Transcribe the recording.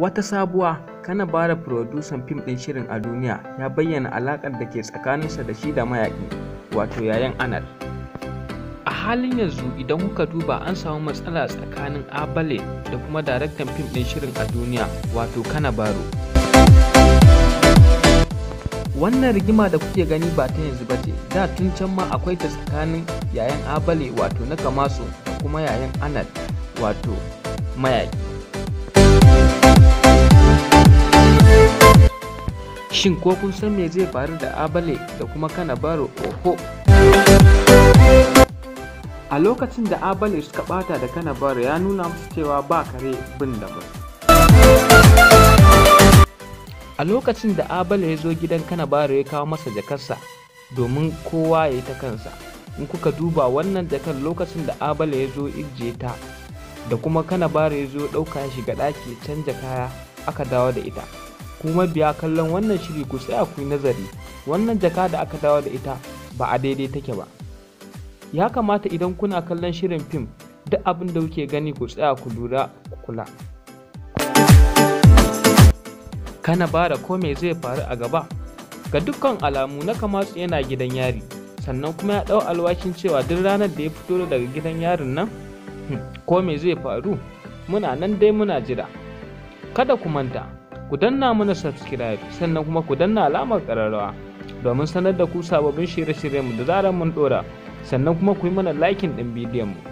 Wata sabuwa kana bara furodusan fim ɗin shirin a duniya ya bayyana alaƙar da ke tsakaninsa da shi da mayaƙi wato yayan anal. A halin yanzu idan kuka duba an samu matsala tsakanin abale da kuma daraktan fim ɗin shirin a duniya wato kana baro. Wannan rigima da kuke gani ba ta yanzu ba ce, da tun can ma akwai ta tsakanin yayan abale wato na kamaso kuma yayan anal wato mayaƙi. Shin ko kun san me zai faru da Abale da kuma Kanabaro Oho? A lokacin da Abale suka bata da Kanabaro ya nuna musu cewa ba kare bin da ba. A lokacin da Abale ya zo gidan Kanabaro ya kawo masa jakarsa domin kowa ya yi ta kansa. In kuka duba wannan jakar lokacin da Abale ya zo ijje ta da kuma Kanabaro ya zo ɗauka ya shiga ɗaki canja kaya aka dawo da ita. kuma biya kallon wannan shiri ku tsaya ku yi nazari wannan jaka da aka dawo da ita ba a daidai take ba ya kamata idan kuna kallon shirin fim duk abin da kuke gani ku tsaya ku lura ku kula kana ba da ko me zai faru a gaba ga dukkan alamu na kamatsu yana gidan yari sannan kuma ya ɗau alwashin cewa duk ranar da ya fito daga gidan yarin nan hmm, ko me zai faru muna nan dai muna jira kada ku manta ku danna mana subscribe sannan kuma ku danna alamar ƙararrawa domin sanar da ku sababbin shirye-shiryenmu da zarar mun ɗora sannan kuma ku yi mana likin ɗin bidiyon mu